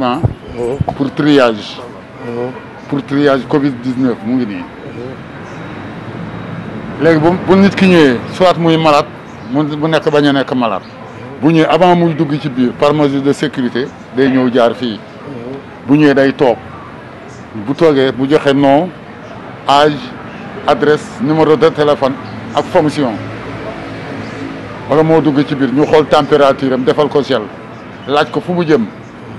équipement. Uh-huh. pour triage. Uh-huh. pour triage Covid 19 mu ngi nii. Uh-huh. léegi bu bu nit ki ñëwee soit muy malade mu mu nekk bañ a nekk malade bu ñëwee avant muy dugg ci biir par mesure de sécurité day ñëw jaar fii. bu ñëwee day toog bu toogee bu joxe nom âge adresse numéro de téléphone ak fonction wala moo dugg ci biir ñu xool température am defal ko gel laaj ko fu mu jëm.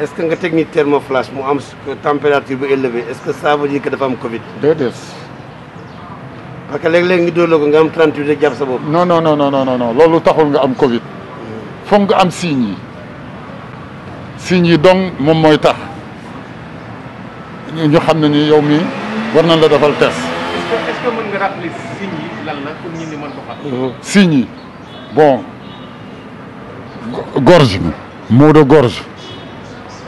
est-ce que nga technique thermoflash température élevée est-ce que ça veut dire que dafa am Covid. déedéet. parce que les 38 non non non non non non loolu taxul nga am Covid. foog nga am signes signes donc mon tax ñu yow mi war nañ test. est-ce que est-ce que mën nga rappeler signes lan la euh, bon gorge. mot de gorge.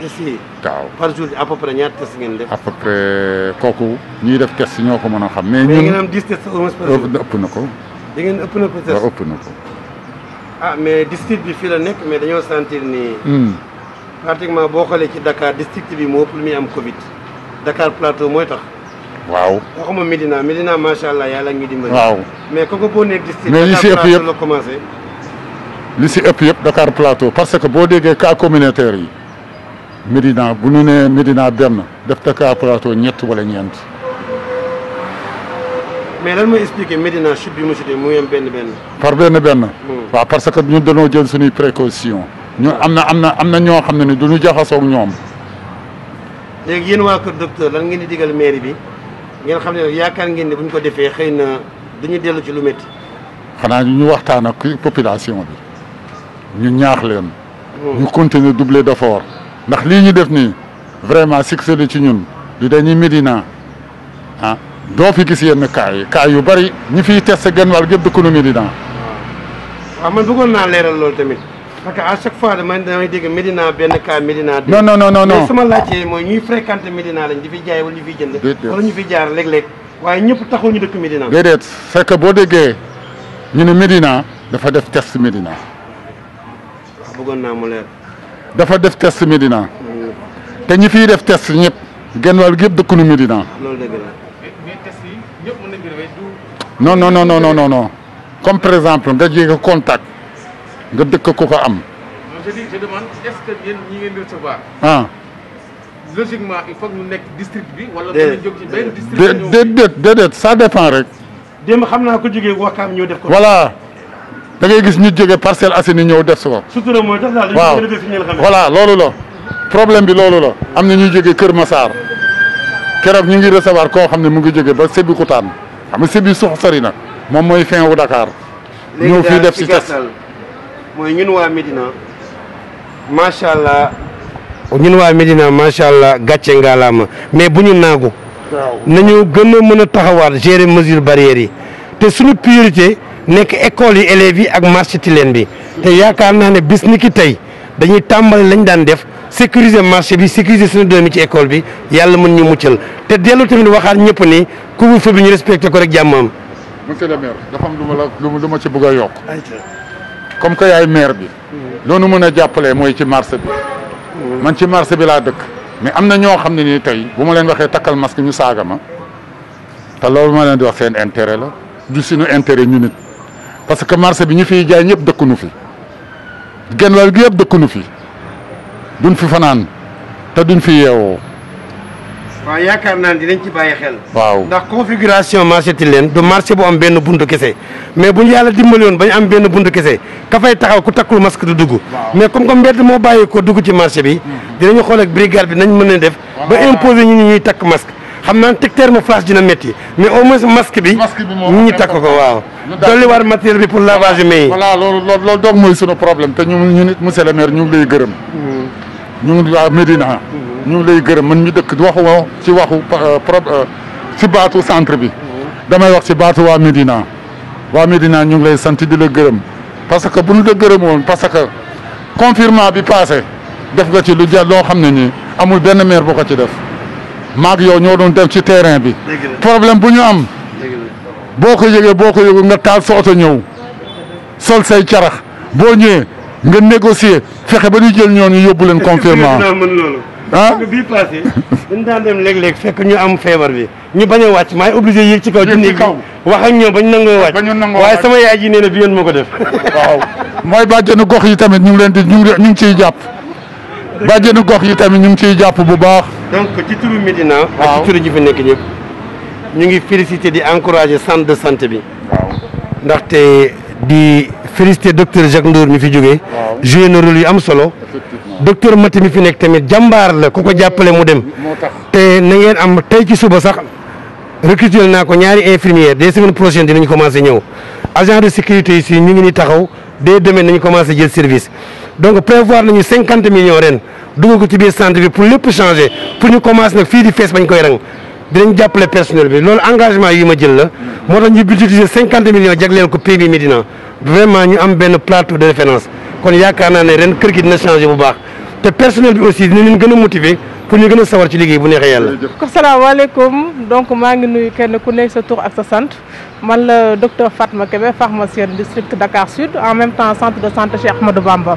test yi. waaw par à peu près ñaar test ngeen def. à peu def test ñoo ko mën a xam. mais ñun ngeen am 10 tests au moins na ko. da ngeen ëpp na ko test ah, mais district bi fii la nekk mais dañoo sentir ni. Hmm. pratiquement boo xoolee ci Dakar district bi moo ëpp lu am Covid. Dakar mooy tax. waaw waxuma Medina Medina macha allah yàlla ñu dimbali. waaw mais kooku boo nee district. mais li si ëpp yëpp la commencé. li si ëpp yëpp Dakar plateau parce que boo déggee cas communautaire yi. Médina bu ñu nee Médina benn def Dakar Plateau ñett walla ñeent. mais lan mooy expliquer Médina chute bi mu chute mu yem benn benn. par benn benn. Hmm. waaw parce que ñu dañoo jël suñuy précaution ñu am na am na am na ñoo xam ne ni du ñu jaxasoo ak ñoom. léegi yéen waa Kër Docteur lan ngeen di digal mairie bi ngeen xam ne yaakaar ngeen ne bu ñu ko defee xëy na du ñu dellu ci lu métti. xanaa ñu waxtaan ak population bi ñu ñaax leen. Hmm. ñu continuer doubler d'effort. ndax lii ñu def nii vraiment succès la ci ñun du dañuy Médina ah doo fi gis yenn cas yi cas yu bari ñi fiy testé genn wàll gépp dëkk nu Médina. waaw man bëggoon naa leeral loolu tamit parce que à chaque fois damay damay dégg Médina benn cas Médina. non non non non mais sama laajte mooy ñuy fréquenté Médina lañ di fi jaay wala ñu fiy jënd. déedéet wala ñu fiy jaar léeg-léeg waaye ñëpp taxul ñu dëkk Médina. déedéet c'est que boo déggee ñu ne Médina dafa def test Médina. waaw bëggoon naa mu leer. dafa def test Médina te ñi fiy def test ñëpp genn wàll yëpp dëkkuñu Médina. loolu dëgg la mais test comme par exemple nga jege contact nga dëkk ko ko am. je dis je demande est-ce que ah. dépend rek. démb xam naa ko jógee waxtaan ñoo def ko. voilà. da gis ñu jóge Parcelles Assainies ñëw def si ko. sutura mooy tax voilà loolu la problème bi loolu la. am na ñuy jóge Kër Massar keroog ñu ngi recevoir koo xam ne mu ngi jóge ba Sébikotane xam nga Sébi suux sori na moom mooy fin wu Dakar. ñëw fii def si test mooy ñun waa Médina macha allah. ñun waa macha allah gàcce ngaalaama mais bu ñu naagu. nañu gën a mën a taxawaat gérer mesure barrière yi te suñu priorité. nekk école yi élèves yi ak marché Tilène bi te yaakaar naa ne bis ni ki tey dañuy tàmbali lañ daan def sécuriser marché bi sécuriser suñu doom yi ci école bi yàlla mën ñu muccal te dellu tamit waxaat ñëpp ni couvre bi ñu respecté ko rek jàmmam. monsieur lu ma la lu ma ci bëgg yokk. comme que yaay maire bi. loolu mën a jàppalee mooy ci marché bi. man ci marché bi laa dëkk. mais am na ñoo xam ne nii tey bu ma leen waxee takkal masque ñu saaga ma te loolu ma leen di wax seen intérêt la du suñu intérêt ñu nit. parce que marché bi ñu fiy jaay ñëpp dëkkunu fi genn wàll gi yëpp dëkkunu fi duñ fi fanaan te duñ fi yeewoo. waaw yaakaar naa dinañ ci bàyyi xel. waaw ndax configuration marché Tilène du marché bu am benn buntu kese mais bu ñu yàlla dimbali ba ñu am benn buntu kese ka taxaw ku takkul masque du dugg. mais comme que mbedd moo bàyyi ko dugg ci marché bi. Hmm. dinañu xool ak brigade bi nañ mën a def. ba imposer ñu ñuy takk masque. xam naa teg thermoflash dina métti mais au moins masque bi. masque bi moom ñu takk ko waaw. dolliwaat matériel bi pour lavage mains yi. voilà loolu loolu doog mooy sunu problème te ñu ñu nit ñu ngi lay gërëm. Mm-hmm. Mm-hmm. ñu ñu lay gërëm man mi dëkk waxuma ci waxu euh, pro euh, ci baatu centre bi. Mm-hmm. damay wax ci baatu waa Médina. waa Médina ñu ngi lay sant di la gërëm parce que bu ñu la gërëmoon parce que confinement bi passé def nga ci lu ja loo xam ne nii amul benn maire boo ci def. maak yow ñoo doon dem ci terrain bi. problème bu ñu am. boo ko yëgee boo ko yëgul nga taal sa oto ñëw sol say carax boo ñëwee nga négocier fexe ba ñu jël ñooñu yóbbu leen. confirmation est mën loolu. ah bii passé dañ daan dem léeg fekk ñu am feebar bi ñu bañ a wàcc maay obligé yéeg ci kaw. ci kaw wax ak ñoom bañ nangoo wàcc. waaye sama yaay ji nee na bi yoon moo ko def. waaw mooy bàjjenu gox yi tamit ñu ngi leen di ñu ngi ciy jàpp. bàjjenu gox yi tamit ñu ngi ciy jàpp bu baax. donc ci turu Médina. waaw ak ci turu ji fi nekk ñëpp. ñu ngi félicité di encouragé centre de santé bi. ndaxte di félicité docteur Jacques Ndour mi fi jógee. waaw joué yi am solo. docteur Mati mi fi nekk tamit jàmbaar la ko ko jàppale mu dem. te na ngeen am tey ci suba sax recruté naa ko ñaari infirmière des semaines prochaines ñu commencé ñëw agent de sécurité yi ñu ngi ni taxaw des domaines nañu commencé jël service. donc prévoir nañu cinquante millions ren dugal ko ci biir centre bi pour lépp changer pour ñu commencer nag fii di fees bañ koy rang dinañ jàppale personnel bi loolu engagement yi ma jël la. moo tax ñu budgétiser cinquante millions jagleel ko PMI Médina vraiment ñu am benn plateau de référence kon yaakaar naa ne ren kër gi dina changer bu baax te personnel bi aussi dina leen gën a motiver. pour nous nous savoir ce ci liggéey bu neexee donc je suis nuyu kenn sa ak sa docteur Fatma pharmacien pharmacienne district Dakar Sud en même temps centre de santé chez Ahmadou Bamba.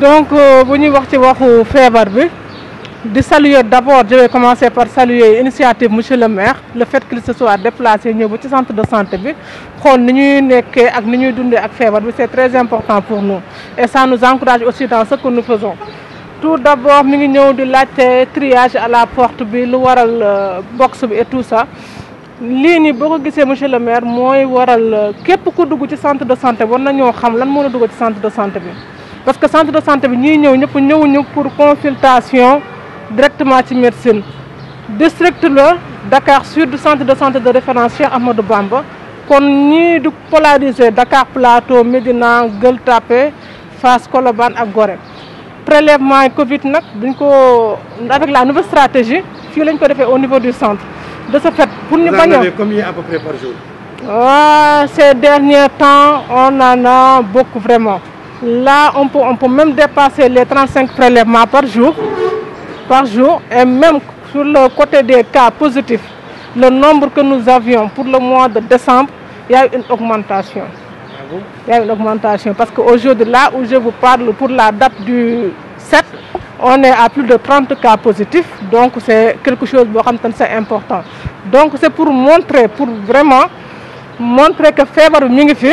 donc euh, bu wax ci waxu fièvre. saluer d'abord. je vais commencer par saluer de M. le maire le fait qu'il se soit déplacé au centre de santé bi xool ak très important pour nous et ça nous encourage aussi dans ce que nous faisons tout d'abord, nous avons ngi ñëw triage à la porte bi lu waral euh, box bi et tout ça Ce nii boo monsieur le maire c'est waral euh, képp ku dugg centre de santé Nous savoir xam lan moo dugg centre de santé bi. parce que centre de santé bi ñiy ñëw pour consultation directement ci médecine district la Dakar Sud centre de santé de référence Cheikh Ahmadou Bamba. kon du polariser Dakar Plateau Médina Gueule tapé, face Colobane à Gorée prélèvement Covid nak avec la nouvelle stratégie lañ ko au niveau du centre de ce fait pour combien à peu près par jour ah, ces derniers temps on en a beaucoup vraiment là on peut on peut même dépasser les 35 prélèvements par jour par jour et même sur le côté des cas positifs le nombre que nous avions pour le mois de décembre il y a une augmentation il y a une augmentation parce qu'aujourd'hui, là où je vous parle pour la date du 7, on est à plus de 30 cas positifs. Donc c'est quelque chose c'est important. Donc c'est pour montrer, pour vraiment montrer que nous mingifi,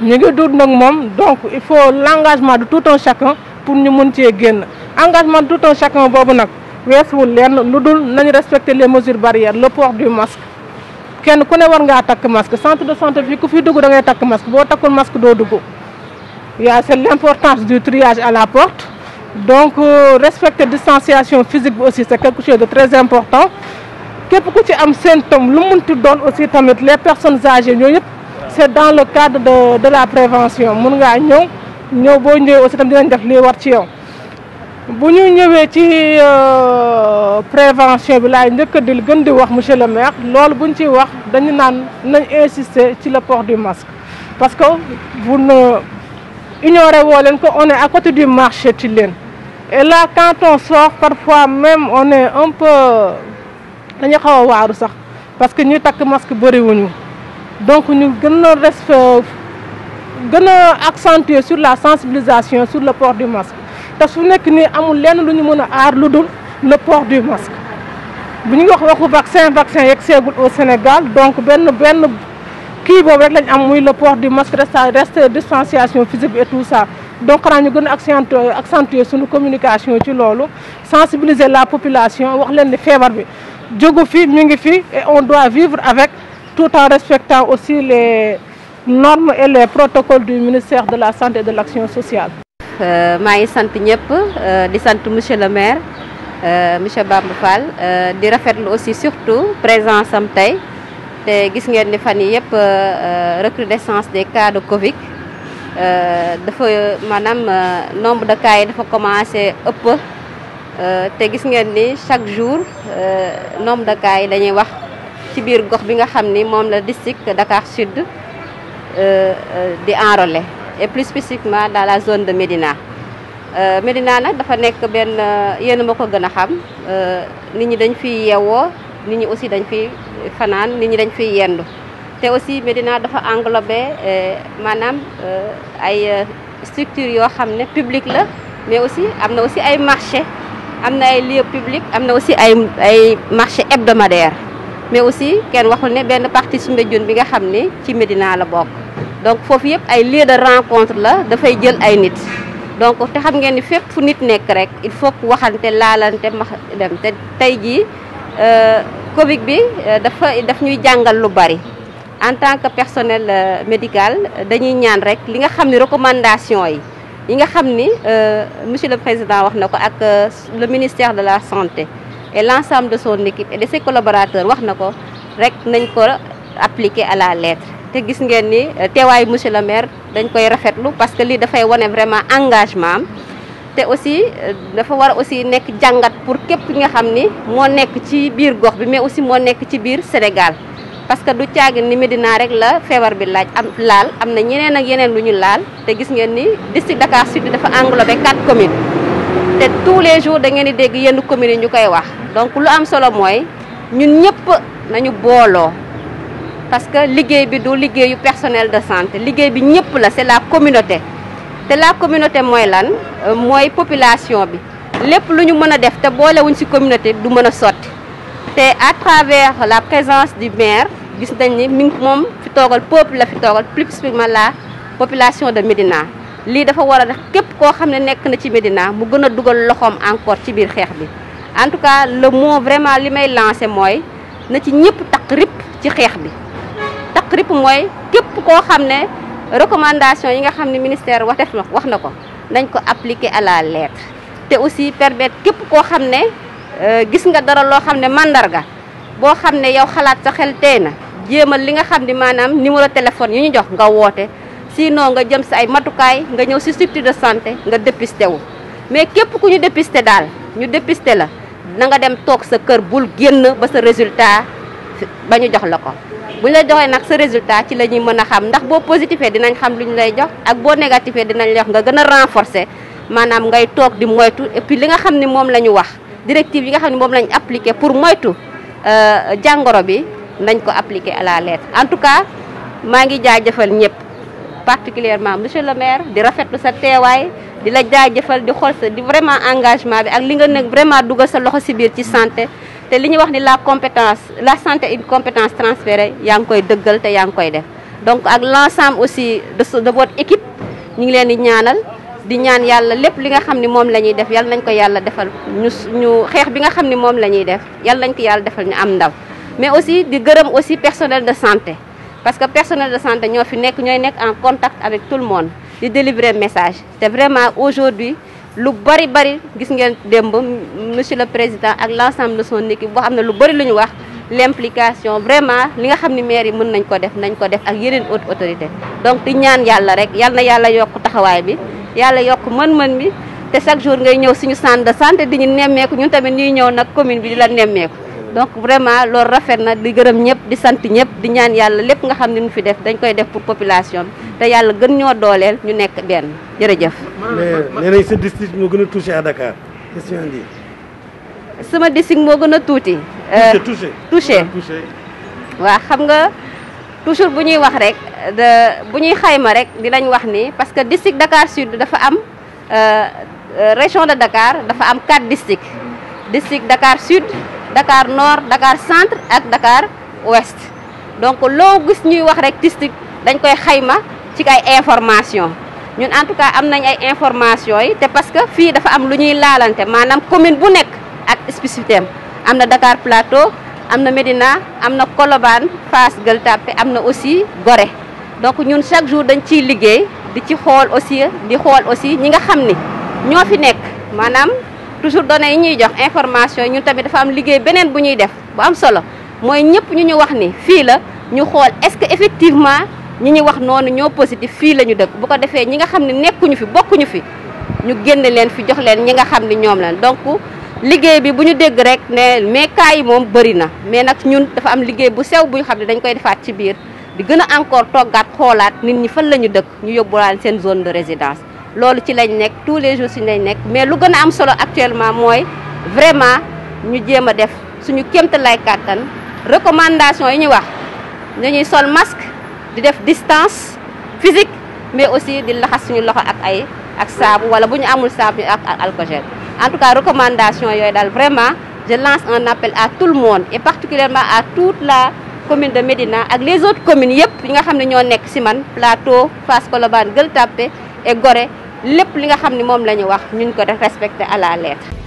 donc il faut l'engagement de tout un chacun pour nous monter Engagement de tout un chacun, nous devons respecter les mesures barrières, le port du masque kenn ku ne war ngaa takk masque centre de santé bi ku fi dugg da ngay takk masque boo takkul masque doo dugg c'est l'importance du triage à la porte donc euh, respecter distanciation physique aussi c'est quelque chose de très important képp ku ci am symptôme lu munti doon aussi tamit les personnes âgées yëpp c'est dans le cadre de de la prévention mun ngaa ñëw ñëw boo ñëwee aussi tamit dinañ def war ci yow si nous avons une prévention bi laay njëkk di monsieur le maire nous bu ñu insister ci le port du masque parce que vous ignorez on est à côté du marché et là quand on sort parfois même on est un peu dañu xaw pas ça parce que avons takk masque donc nous devons sur la sensibilisation sur le port du masque te vous nekk que amul avons de le port du masque Nous avons wax waxu vaccin vaccin au Sénégal donc benn benn kii boobu rek le port du masque reste distanciation physique et tout ça donc nous nous accentuer nos communications communication sensibiliser la population wax les et on doit vivre avec tout en respectant aussi les normes et les protocoles du ministère de la santé et de l'action sociale euh, maïs ngi des ñëpp euh, di le maire euh, monsieur Bambefal. di aussi surtout présence am gis recrudescence des cas de Covid dafa nombre de cas commencé chaque jour nombre de cas yi wax ci gox district Dakar Sud di et plus spécifiquement dans la zone de Medina. Euh, Medina nak dafa nek ben euh, yéen mako gëna xam euh nit ñi dañ fi yéwo nit ñi aussi dañ fi fanaan nit ñi dañ fi yendu té aussi Medina dafa englobé euh, euh ay euh, structures yo xamné public la mais aussi amna aussi ay marché amna ay lieux publics amna aussi ay ay marché hebdomadaire mais aussi kenn waxul ne benn partie Soumbédioune bi nga xamné ci Medina la bokk donc fofu yëpp ay lieu de rencontre la dafay jël ay nit donc te xam ngeen ni fépp fu nit nekk rek il faut waxante laalante max dem te tey jii euh, Covid bi euh, dafa daf ñuy jàngal lu bari en tant que personnel euh, médical dañuy ñaan rek li nga xam ni recommandation yi yi nga xam ni monsieur le président wax na ko ak le ministère de la santé et l'ensemble de son équipe et de ses collaborateurs wax na ko rek nañ ko appliquer à la lettre te gis ngeen ni eh, teewaay monsieur le maire dañ koy rafetlu parce que da fay woné vraiment engagement té te aussi eh, dafa war aussi nek jangat pour képp nga xamni mo nek ci biir gox bi mais aussi mo nek ci biir Sénégal parce que du tiag ni Medina rek la feebar bi laaj am laal amna na ñeneen ak yeneen luñu laal té gis ngeen ni district Dakar Sud dafa englobé quatre communes te tous les jours da ngeen di dégg yeen communes ñukay wax donc lu am solo moy ñun ñëpp nañu booloo parce que liggéey bi du liggéeyu personnel de santé liggéey bi ñëpp la c'est la communauté te la communauté mooy lan euh, mooy population bi lépp lu ñu mën a def te boolewuñ ci communauté du mën a sotti te à travers la présence du maire gis nañ ni mi ngi moom fi toogal peuple la fi toogal plus spécifiquement la population de Medina. lii dafa war a def képp koo xam ne nekk na ci Médina mu gën a dugal encore ci biir xeex bi en tout cas le mot vraiment li may lancé mooy na ci ñëpp takk rip ci xeex bi taqrib mooy képp koo xam ne recommandation yi nga xam ne ministère wax def na wax na ko dañ ko appliquer à la lettre te aussi permettre képp koo xam ne euh, gis nga dara loo xam ne màndarga boo xam ne yow xalaat sa xel tey na jéemal li nga xam ne maanaam numéro téléphone yi ñu jox nga woote sinon nga jëm sa ay matukaay nga ñëw si structure de santé nga dépisté wu mais képp ku ñu dépisté daal ñu dépisté la na nga dem toog sa kër bul génn ba sa résultat ba ñu jox la ko bu la joxee nak sa résultat ci lañuy mëna xam ndax bo positifé dinañ xam luñ lay jox ak bo négatifé dinañ lay wax nga gëna renforcer manam ngay tok di moytu et puis li nga xamni mom lañu wax directive yi nga xamni mom lañu appliquer pour moytu euh jangoro bi nañ ko appliquer à la lettre en tout cas ma ngi jaajëfal ñëpp particulièrement monsieur le maire di rafetlu sa téway di la jaajëfal di xol sa di vraiment engagement bi ak li nga nekk vraiment dugal sa loxo ci biir ci santé té li wax ni la compétence la santé une compétence transférée yang koy deugal té yang koy def donc ak l'ensemble aussi de, de votre équipe ñi ngi leen di ñaanal di ñaan yalla lepp li nga xamni mom lañuy def yalla nañ ko yalla defal ñu ñu xex bi nga xamni mom lañuy def yalla nañ ko yalla defal ñu am ndaw mais aussi di gëreum aussi personnel de santé parce que personnel de santé ñoo fi nekk ñoy nekk en contact avec tout le monde di délivrer message te vraiment aujourd'hui lu bari bari gis ngeen démb monsieur le président ak l'ensemble de son équipe boo xam ne lu bari lu ñu wax l'implication vraiment li nga xam ne maire yi mën nañ ko def nañ ko def ak yeneen auto autorité donc di ñaan yàlla rek yal na yàlla yokk taxawaay bi yàlla yokk man man bi te chaque jour ngay ñëw suñu centre de santé di ñu nemmeeku ñun tamit ñuy ñëw nag commune bi di la nemmeeku donc vraiment loolu rafet na di gërëm ñëpp di sant ñëpp di ñaan yalla lepp nga xamni ñu fi def dañ koy def pour population te yalla gën ñoo dooleel ñu nekk ben jërëjëf. mais nee nañ sa district mo gëna a touché à Dakar question di sama district mo gëna touti tuuti. Euh, touché touché touché. waa xam nga toujours bu ñuy wax rek de bu ñuy xayma rek di lañ wax ni parce que district Dakar Sud dafa am euh, euh région de Dakar dafa am quatre districts district Dakar Sud. Dakar Nord Dakar Centre ak Dakar Ouest donc loo gis ñuy wax rek TISTIC dañ koy xayma ci ay information ñun en tout cas am nañ ay information yi te parce que fii dafa am lu ñuy laalante maanaam commune bu nekk ak spécificité am na Dakar Plateau am na Médina am na Colobane Fass Gueule Tapée am na aussi gore donc ñun chaque jour dañ ciy liggéey di ci xool aussi di xool aussi ñi nga xam ni ñoo fi nekk maanaam toujours donné yi ñuy jox information ñun tamit dafa am liguey benen bu ñuy def bu am solo moy ñepp ñu ñu wax ni fi la ñu xol est-ce que effectivement ñi ñi wax nonu ñoo positif fi la ñu dëkk bu ko défé ñi nga xamni ne nekkuñu fi bokkuñu fi ñu génn leen fi jox leen ñi nga xamni ñom ñoom lañ donc liguey bi bu ñu dégg rek né mais cas mom bari na mais nak ñun dafa am liguey bu sew bu ñu xam dañ koy defaat ci biir di gëna encore toggaat xolaat nit ñi fan lañu dëkk ñu yóbbuwaan seen zone de résidence loolu ci lañ nek tous les jours ci lañ nek mais lu gëna am solo actuellement moy vraiment ñu ce que def suñu lay katan recommandation yi ñu wax dañuy sol masque di def distance physique mais aussi di laxas suñu loxo ak ay ak sabu wala buñu amul sabu ak ak gel. en tout cas recommandation yoy dal vraiment je lance un appel à tout le monde et particulièrement à toute la commune de Médina ak les autres communes yépp yi nga xam ne ñoo nekk si man Plateau face Colobane Gueule et Gorée lépp li nga xam ne moom la ñu wax ñun ko def respecté à la